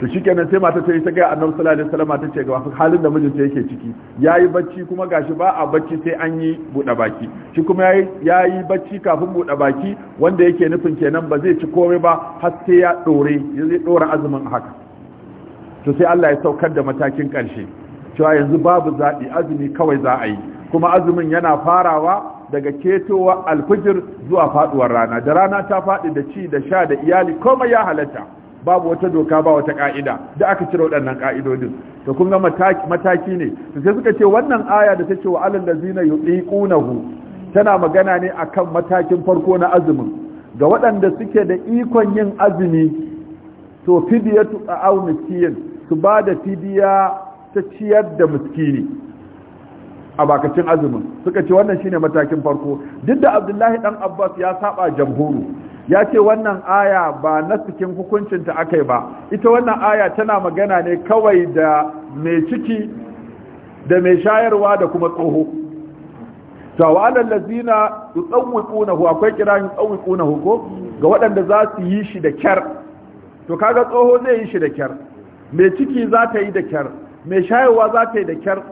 to kenan sai mata ta yi ta ga annabi sallallahu alaihi wasallam ta ce ga halin da mijinta yake ciki yayi bacci kuma gashi ba a bacci sai an yi buɗe baki shi kuma yayi yayi bacci kafin buɗe baki wanda yake nufin kenan ba zai ci komai ba har sai ya dore zai dora azumin haka to sai Allah ya saukar da matakin karshe cewa yanzu babu zabi azumi kawai za a yi kuma azumin yana farawa daga ketowa alfijir zuwa faduwar rana da rana ta faɗi da ci da sha da iyali komai ya halatta babu wata doka ba wata ka'ida da aka cire waɗannan ka'idodin to kun ga mataki ne sai suka ce wannan aya da take wa alal ladzina yuqinuhu tana magana ne akan matakin farko na azumin ga waɗanda suke da ikon yin azumi to fidiyatu aw miskin su ba da fidiya ta ciyar da miskini a bakacin azumin suka ce wannan shine matakin farko duk da Abdullahi dan Abbas ya saba jamhuru ya ce wannan aya ba na cikin hukuncinta aka yi ba ita wannan aya tana magana ne kawai da mai ciki da mai shayarwa da kuma tsoho tawalar lazina su tsawukunahu akwai kira yin tsawukunahu ko ga waɗanda za su yi shi da kyar to kaga tsoho zai yi shi da kyar mai ciki za ta yi da kyar mai shayarwa za ta yi da kyar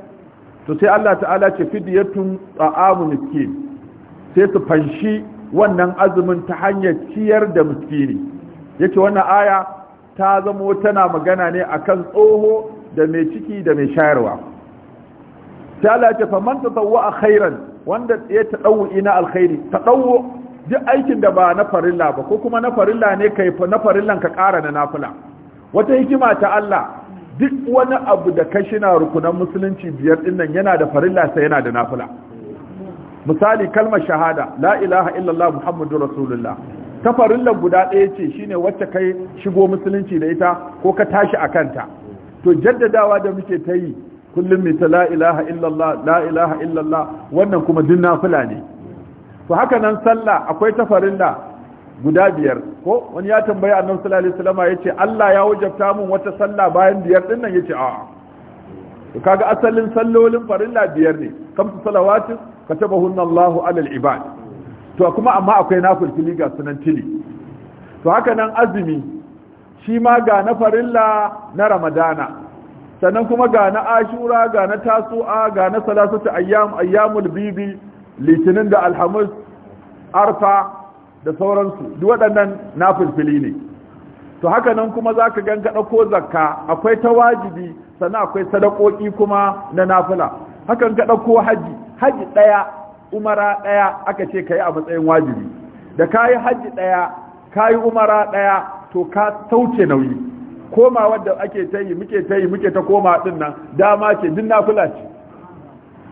to sai Allah ta'ala ce fidiyatun ta'amu miskin sai su fanshi wannan azumin ta hanyar ciyar da miskini yace wannan aya ta zamo tana magana ne akan tsoho da mai ciki da mai shayarwa ta Allah ta faman tatawwa khairan wanda ya tadawu ina alkhairi tadawu duk aikin da ba na farilla ba ko kuma na farilla ne kai na farillan ka kara na nafila wata hikima ta Allah duk wani abu da ka na rukunan musulunci biyar dinnan yana da farilla sai yana da nafila misali kalmar shahada la ilaha illallah muhammadur rasulullah tafarillan guda ɗaya ce shine wacce kai shigo musulunci da ita ko ka tashi a kanta to jaddadawa da muke ta yi kullum ta la ilaha illallah la ilaha illallah wannan kuma duk nafila ne to haka nan sallah akwai tafarilla guda biyar ko wani ya tambaya annabi sallallahu alaihi wasallam yace Allah ya wajabta mun wata sallah bayan biyar din nan yace a'a kaga asalin sallolin farilla biyar ne kamsu salawatin katabahunna Allahu alal ibad to kuma amma akwai nafilfili ga sunan tili to haka nan azumi shi ma ga na farilla na ramadana sannan kuma ga na ashura ga na tasu'a ga na salasatu ayyam ayyamul bibi litinin da alhamis arfa da sauransu duk waɗannan nafilfili ne to haka nan kuma za ka gan zakka akwai ta wajibi sannan akwai sadakoki kuma na nafila hakan ka ɗauko haji haji ɗaya umara ɗaya aka ce ka yi a matsayin wajibi da ka yi haji ɗaya ka yi umara ɗaya to ka sauke nauyi koma wadda ake ta yi muke ta yi muke ta koma ɗin nan dama ce duk nafila ce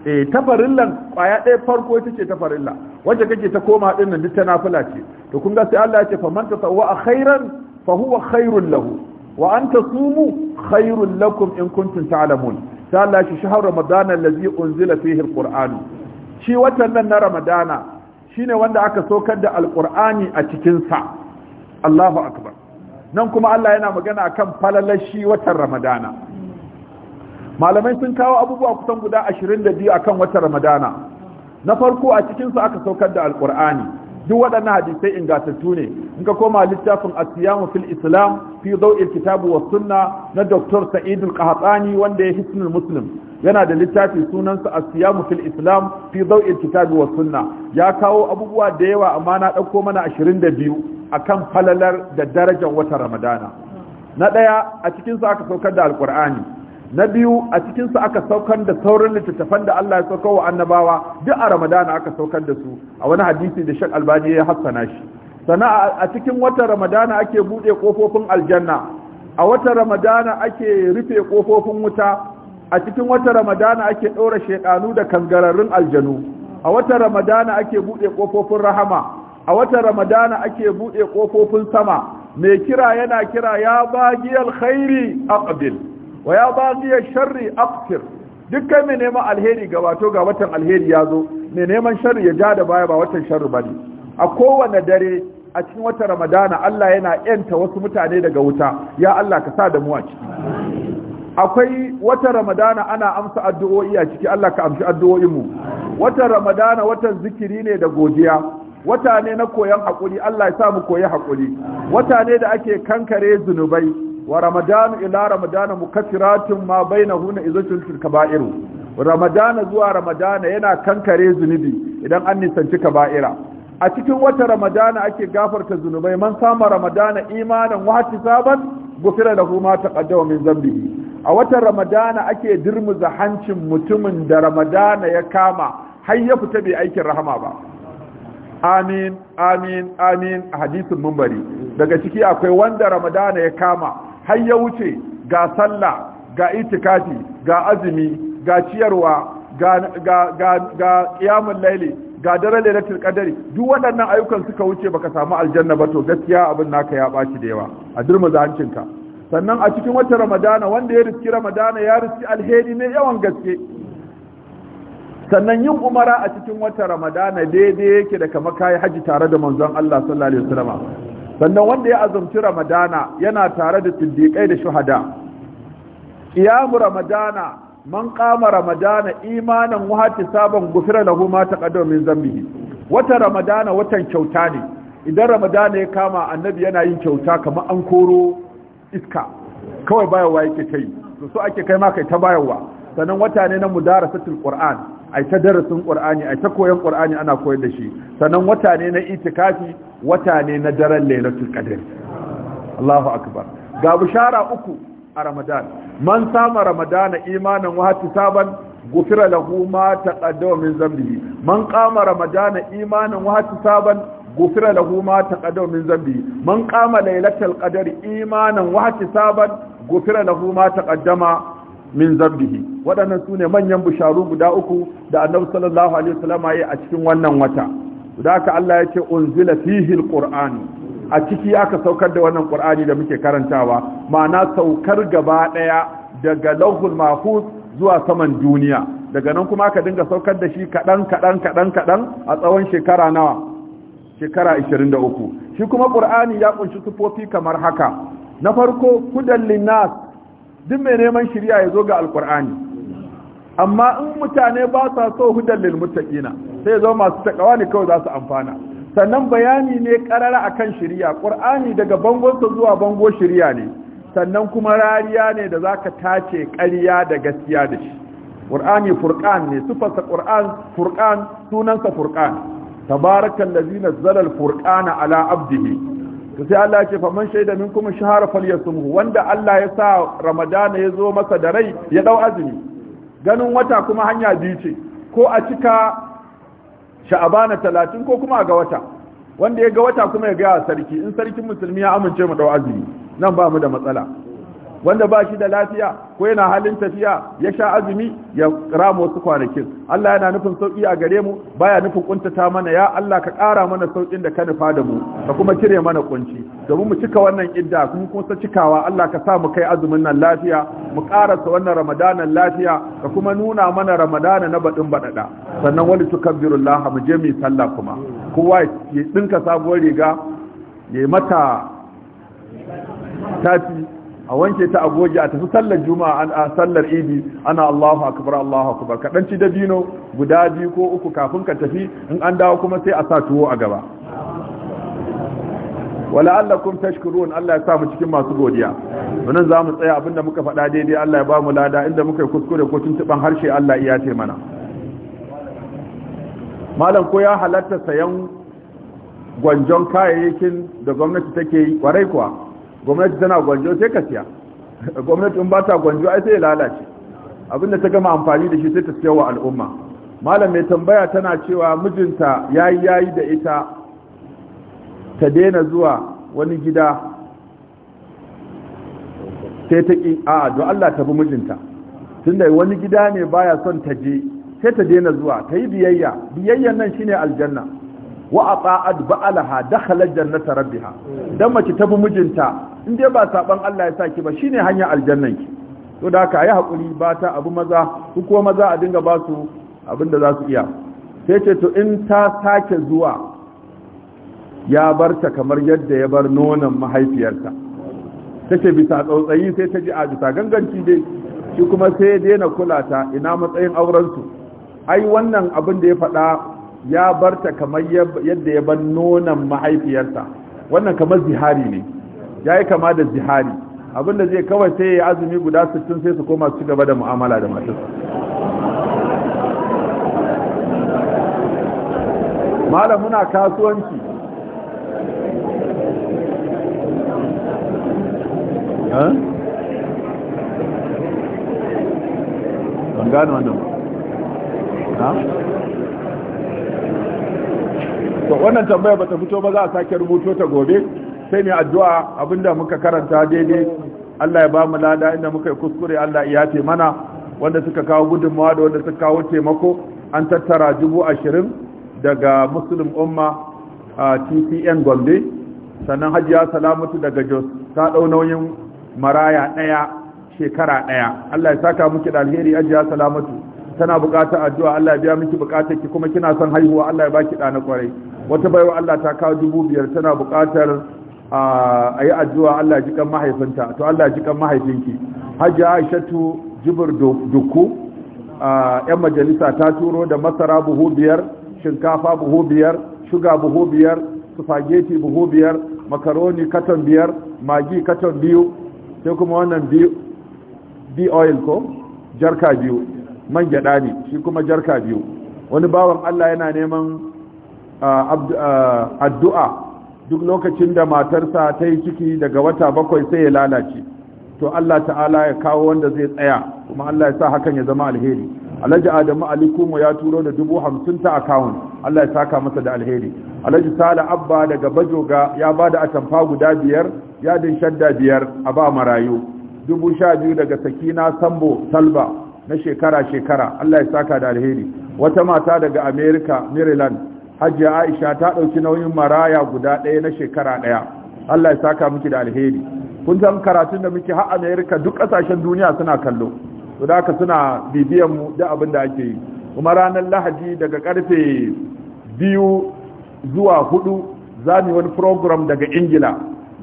e eh, tafarillan kwaya ɗaya farko ita ce tafarilla wadda kake ta koma ɗin nan duk ta nafila ce to kun ga sai Allah ya ce faman a khairan fa huwa khairul lahu wa an sumu khairul lakum in kuntum ta'lamun ta Allah shi shahar ramadana allazi unzila fihi alqur'anu shi watan nan na ramadana shine wanda aka saukar da alqur'ani a cikin sa Allahu akbar nan kuma Allah yana magana akan falalar shi watan ramadana malamai sun kawo abubuwa kusan guda 22 akan watan ramadana na farko a cikin sa aka saukar da alqur'ani duk waɗannan hadisai ingantattu ne in ka koma littafin asiyamu fil islam fi zauil kitabu was sunna na Dr. Sa'id al-Qahtani wanda ya hisnul muslim yana da littafi sunansa as fil islam fi zauil kitabu was sunna ya kawo abubuwa da yawa amma na dauko mana 22 akan falalar da darajar wata ramadana na daya a cikin sa aka saukar da alqur'ani na biyu a cikin sa aka saukar da sauran littattafan da Allah ya saukar wa annabawa duk a ramadana aka saukar da su a wani hadisi da Sheikh Albani ya hassana shi sana a cikin watan ramadana ake buɗe kofofin aljanna a watan ramadana ake rufe kofofin wuta a cikin watan ramadana ake ɗora shaiɗanu da kangararrun aljanu a watan ramadana ake buɗe ƙofofin rahama a watan ramadana ake buɗe ƙofofin sama mai kira yana kira ya bagiyar khairi aqbil wa ya bagiyar sharri aqtir dukkan mai neman alheri ga wato ga watan alheri ya zo mai neman sharri ya ja da baya ba watan sharri ba ne a kowane dare a cikin wata ramadana Allah yana yanta wasu mutane daga wuta ya Allah ka sa da mu a ciki akwai wata ramadana ana amsa addu'o'i a ciki Allah ka amshi addu'o'in mu wata ramadana watan zikiri ne da godiya wata ne na koyon hakuri Allah ya sa mu koyi hakuri wata ne da ake kankare zunubai wa Ramadana ila ramadana mukaffiratun ma bainahuna izatul kaba'iru ramadana zuwa ramadana yana kankare zunubi idan an nisanci kaba'ira a cikin wata ramadana ake gafarta zunubai man sama ramadana imanan wa ihtisaban gufira kuma ma taqaddama min zambi a wata ramadana ake dirmuza hancin mutumin da ramadana ya kama har ya fita bai aikin rahama ba amin amin amin a hadisin mumbari daga ciki akwai wanda ramadana ya kama har ya wuce ga sallah ga itikafi ga azumi ga ciyarwa ga ƙiyamun laili ga daren lailatul qadari duk waɗannan ayyukan suka wuce baka samu aljanna ba to gaskiya abin naka ya ɓaci da yawa a durmuza hancinka sannan a cikin wata ramadana wanda ya riski ramadana ya riski alheri ne yawan gaske sannan yin umara a cikin wata ramadana daidai yake da kama kayi haji tare da manzon Allah sallallahu alaihi wasallam sannan wanda ya azumci ramadana yana tare da siddiqai da shuhada ƙiyamu ramadana man qama ramadana imanan wa sabon gufira lahu ma taqaddama min zambihi wata ramadana watan kyauta ne idan ramadana ya kama annabi yana yin kyauta kamar an koro iska kawai bayarwa yake kai to so ake kai ma kai ta bayarwa sannan wata ne na mudarasatul qur'an ai ta darasin qur'ani ai ta koyon qur'ani ana koyar da shi sanan wata ne na itikafi wata ne na daren lailatul qadr Allahu akbar ga bishara uku a ramadan man sama ramadana imanan wa hatisaban gufira lahu ma taqaddama min zambihi man qama ramadana imanan wa hatisaban gufira lahu ma taqaddama min zambihi man qama lailatal qadri imanan wa hatisaban gufira lahu ma taqaddama min zambihi waɗannan sune manyan busharu guda uku da annabi sallallahu alaihi wasallam ya a cikin wannan wata da haka Allah ya ce unzila fihi alquran a ciki aka saukar da wannan qur'ani da muke karantawa ma'ana saukar gaba daya daga lauhul mahfuz zuwa saman duniya daga nan kuma aka dinga saukar da shi kaɗan kadan kadan kadan a tsawon shekara nawa shekara 23 shi kuma ƙur'ani ya kunshi sufofi kamar haka na farko hudan linnas duk mai neman shari'a ya zo ga alqur'ani amma in mutane ba sa so hudan lil muttaqina sai zo masu takawa ne kawai za su amfana sannan bayani ne karara akan shirya ƙur'ani daga bangonsa zuwa bango shirya ne sannan kuma rariya ne da za ka tace ƙarya da gaskiya da shi ƙur'ani furqan ne sifarsa ƙur'an furqan sunansa furqan tabarakal ladzi nazzala furqana ala abdihi to sai Allah ya ce faman shaida minkum shahara falyasumhu wanda Allah ya sa ramadana ya zo masa da rai ya ɗau azumi ganin wata kuma hanya biyu ce ko a cika sha'abana talatin ko kuma a ga wata wanda ya ga wata kuma ya gaya sarki in sarkin musulmi ya amince mu dau azumi nan ba mu da matsala wanda ba shi da lafiya ko yana halin tafiya ya sha azumi ya ramu wasu kwanakin Allah yana nufin sauki a gare mu baya nufin kuntata mana ya Allah ka ƙara mana saukin da ka nufa da mu ka kuma cire mana kunci domin mu cika wannan idda kuma sa cikawa Allah ka sa mu kai azumin nan lafiya mu ƙarasa wannan ramadanan lafiya ka kuma nuna mana ramadana na baɗin baɗaɗa sannan wani tukabbirullah mu je mu sallah kuma kowa ya dinka sabuwar riga ya mata tafi a wanke ta a a tafi sallar juma'a a sallar idi ana Allahu akbar Allahu akbar ka ci dabino guda biyu ko uku kafin ka tafi in an dawo kuma sai a sa tuwo a gaba wala'allakum tashkurun Allah ya sa mu cikin masu godiya wannan zamu tsaya abinda muka faɗa daidai Allah ya ba mu lada inda muka kuskure ko tuntuban harshe Allah iya ce mana malam ko ya halatta sayan gwanjon kayayyakin da gwamnati take yi kwarai kuwa gwamnati tana gwanjo sai ka siya gwamnati in ba ta gwanjo ai sai ya lalace abinda ta gama amfani da shi sai ta siya wa al'umma malam mai tambaya tana cewa mijinta yayi yayi da ita ta daina zuwa wani gida sai ta ƙi a don Allah ta bi mijinta tunda wani gida ne baya son ta je sai ta daina zuwa ta yi biyayya biyayyan nan shine aljanna wa ata'at ba'alaha dakhala jannata rabbiha dan mace ta bi mijinta in dai ba saban Allah ya saki ba shine hanyar aljannan ki to da haka yi hakuri ba ta abu maza maza a dinga ba su abinda za su iya sai ce to in ta sake zuwa ya bar ta kamar yadda ya bar nonon mahaifiyarta tace bisa tsautsayi sai ta ji a bisa ganganci dai shi kuma sai daina kula ta ina matsayin auren su ai wannan abin da ya faɗa ya bar ta kamar yadda ya bar nonan mahaifiyarta wannan kamar zihari ne ya yi kama da zihari abinda zai kawai sai ya azumi guda 60 sai su koma su gaba da mu'amala da matarsa malam muna kasuwanci ban gano wannan ha? wannan tambaya ba ta fito ba za a sake rubuto ta gobe sai mai addu'a abinda muka karanta daidai Allah ya ba mu lada inda muka yi kuskure Allah ya ce mana wanda suka kawo gudunmawa da wanda suka kawo taimako an tattara dubu ashirin daga muslim umma a tcn gombe sannan hajiya salamatu daga jos ta ɗau nauyin maraya ɗaya shekara ɗaya Allah ya saka miki da alheri hajiya salamatu tana buƙatar addu'a Allah ya biya miki bukatar ki kuma kina son haihuwa Allah ya baki ɗa na kwarai wata baiwa Allah ta kawo dubu biyar tana bukatar. a yi addu'a Allah ji kan mahaifinta to Allah ji kan mahaifinki hajji aishatu jibir duku yan majalisa ta turo da masara buhu biyar shinkafa buhu biyar shuga buhu biyar spaghetti buhu biyar makaroni katon biyar magi katon biyu sai kuma wannan bi oil ko jarka biyu man gyada ne shi kuma jarka biyu wani bawan Allah yana neman addu'a duk lokacin da matarsa ta yi ciki daga wata bakwai sai ya lalace to Allah ta'ala ya kawo wanda zai tsaya kuma Allah ya sa hakan ya zama alheri alhaji adamu ali kuma ya turo da dubu hamsin ta akawun Allah ya saka masa da alheri alhaji sala abba daga bajoga ya ba da atamfa guda biyar yadin shadda biyar a ba marayu dubu sha biyu daga sakina sambo salba na shekara-shekara Allah ya saka da alheri wata mata daga america maryland hajiya aisha ta ɗauki nauyin maraya guda ɗaya na shekara ɗaya allah ya saka miki da alheri kun san karatun da muke har america duk ƙasashen duniya suna kallo to da haka suna bibiyan mu da abin da ake yi kuma ranar lahadi daga karfe biyu zuwa hudu za mu wani program daga ingila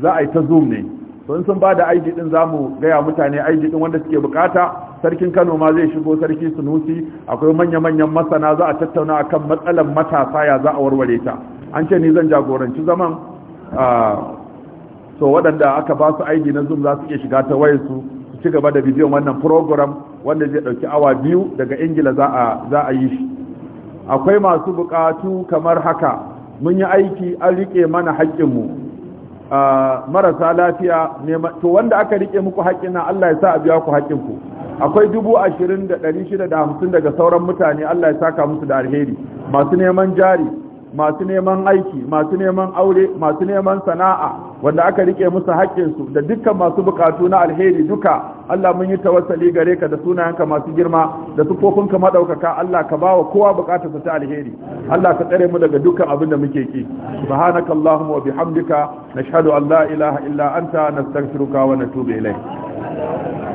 za a yi ta zoom ne sun sun ba da aiji din zamu mu gaya mutane aiji din wanda suke bukata sarkin kano ma zai shigo sarki sunusi akwai manya-manyan masana za a tattauna akan matsalar matasa ya za a warware ta an ce ni zan jagoranci zaman so waɗanda aka ba su aiki na zoom za su iya shiga ta wayar su su ci gaba da bidiyon wannan program wanda zai ɗauki awa biyu daga ingila za a yi shi akwai masu bukatu kamar haka mun yi aiki an rike mana haƙƙinmu marasa lafiya to wanda aka rike muku haƙƙin nan Allah ya sa a biya ku haƙƙin ku akwai dubu ashirin da ɗari shida da hamsin daga sauran mutane Allah ya saka musu da alheri masu neman jari masu neman aiki masu neman aure masu neman sana'a wanda aka rike musu haƙƙinsu da dukkan masu bukatu na alheri duka Allah mun yi tawassali gare ka da sunayenka masu girma da sufofinka madaukaka Allah ka bawa kowa su ta alheri Allah ka tsare mu daga dukkan abin da muke ki subhanaka allahumma wa bihamdika nashhadu an la ilaha illa anta nastaghfiruka wa natubu ilayk